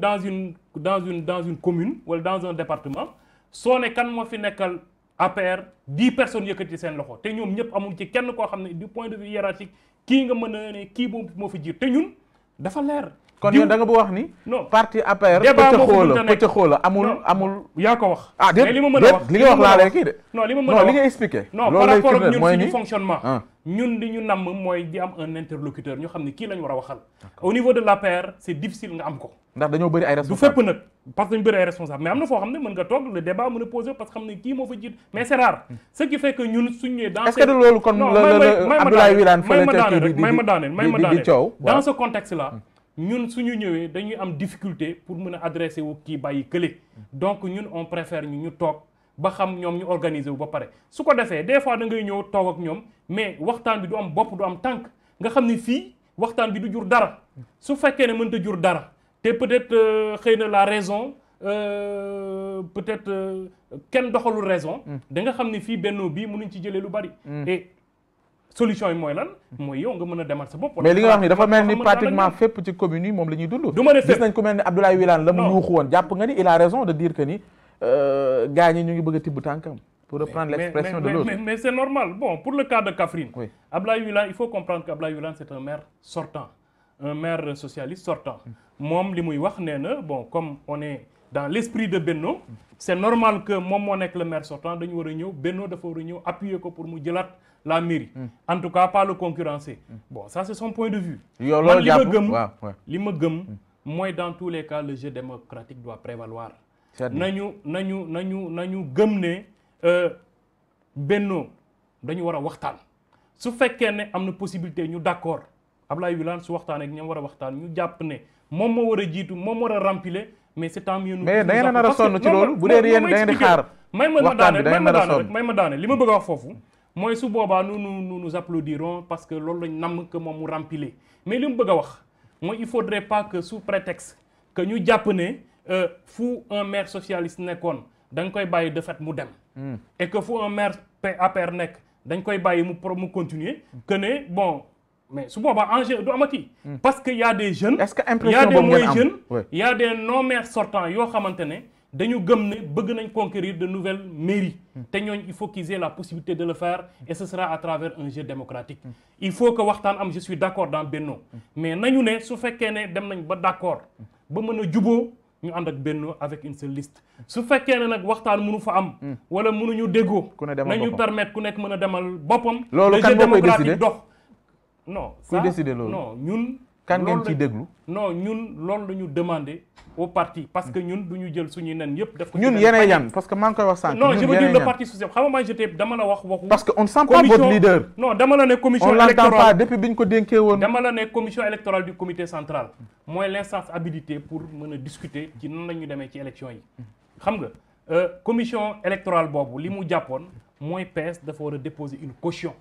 dans une dans une dans une commune wala dans un département soo ne kan moo fi nekkal APR dix personnes yëkkati seen loxo te ñoom ñëpp amul ci kenn koo xam ne du point de vue hiérarchique kii nga mën a ne kii moom moo fi jiir te ñun dafa leer kon yow da nga bu wax ni. non parti APR. débat moo pëcc xoola amul yaa ko wax. ah déet li ma mën a wax li nga wax laa lay kii de. non li ma mën a wax non li nga expliqué. non par rapport ak ñun fonctionnement. Ah. ñun li ñu namm mooy di am interlocuteur ñu xam ne kii la war a waxal. au niveau de l'APR c'est difficile nga am ko. ndax dañoo bëri ay responsable du fépp nag parce que dañu bëri ay responsable mais am na foo xam ne mën nga toog le débat mën a poser parce que xam ne ñun suñu ñëwee dañuy am difficulté pour mën a adressé wu kii bàyyi kële donc ñun on préfère ñu ñu toog ba xam ñoom ñu organiser wu ba pare su ko defee des fois da ngay ñëw toog ak ñoom mais waxtaan bi du am bopp du am tànk nga xam ni fii waxtaan bi du jur dara su fekkee ne mënta jur dara te peut-être euh, xëy na la raison euh, peut-être euh, kenn doxalul raison mm. da nga xam ne fii bennoo bii mënuñ ci jëlee lu bari. Mm. solution yi mooy lan mooy yow nga mën a demal sa bopp mais li nga wax ni dafa mel ni pratiquement fépp ci commune moom la ñuy dund du ma ne gis nañ ku la mu yuuxu woon jàpp nga ni il a raison de dire que ni euh, gars ñu ngi bëgg a tibb tànkam pour reprendre l'expression de l'autre mais, mais, mais c'est normal bon pour le cas de Kaffrine oui. Abdoulaye Wilane il faut comprendre que Abdoulaye Wilane c'est un maire sortant un maire socialiste sortant mm. moom li muy wax nee dans l'esprit de Benno c'est normal que moom moo nekk le maire sortant dañu war a ñëw Benno dafa war a ñëw appuyer ko pour mu jëlaat la mairie hmm. en tout cas pas le hmm. bon ça c'est son point de vue man li ma gëm li ma gëm mooy dans tous les cas le jeu démocratique doit prévaloir nañu nañu nañu nañu gëm ne euh, Benno dañu war a waxtaan su fekkee ne am na possibilité ñu d'accord Ablaye Wilane su waxtaan ak ñoom war a waxtaan ñu jàpp ne moom moo war a jiitu moom war a rempiler mais c'est tant mieux mais da ngeen nar sonn ci loolu bu dee yéen da ngeen di xaar may ma daane may ma daane rek may ma daane li ma bëgg a wax foofu mooy su boobaa nous nous nous applaudirons parce que loolu lañ namm que moom mu remplir mais li mu bëgg a wax mooy il faudrait pas que su prétexte que ñu jàpp ne euh, fu un maire socialiste nekkoon danga koy bàyyi de fait mu dem hmm. et que fu un maire APR nekk dañ koy bàyyi mu mu continuer hmm. que ne bon mais su boobaa enjeu du amati. Hmm. parce que y a des jeunes. est-ce que impression boobu ngeen am y a des non maires sortants yoo xamante ne dañu gëm ne bëgg nañ conquérir de nouvelles mairies. Hmm. te ñooñ il faut qu'ils aient la possibilité de le faire hmm. et ce sera à travers un jeu démocratique. il faut que waxtaan am je suis d'accord dans Benno. mais nañu ne su fekkee ne dem nañ ba d'accord ba mën a juboo ñu ànd ak Benno avec une seule liste su fekkee ne nag waxtaan mënu fa am. wala mënuñu déggoo. nañu permettre ku nekk mën a demal boppam. loolu kan moo non ça kuy décider loolu non ñun. kan ngeen ciy déglu no ñun loolu la ñu demandé au parti parce que ñun du ñu jël suñuy nen yëpp. def ko ñun yeneen yan parce que maa ngi koy wax sànq. non je veux dire le parti social xam nga man j'étais dama la wax waxu. parce que on ne sent pas votre leader. commission dama la ne commission électorale du comité central. mooy l'instance habilitée pour mën a discuter ci nan la ñu demee ci élection yi. xam nga euh, commission électorale boobu li mu jàppoon mooy PS dafa war a déposer une caution.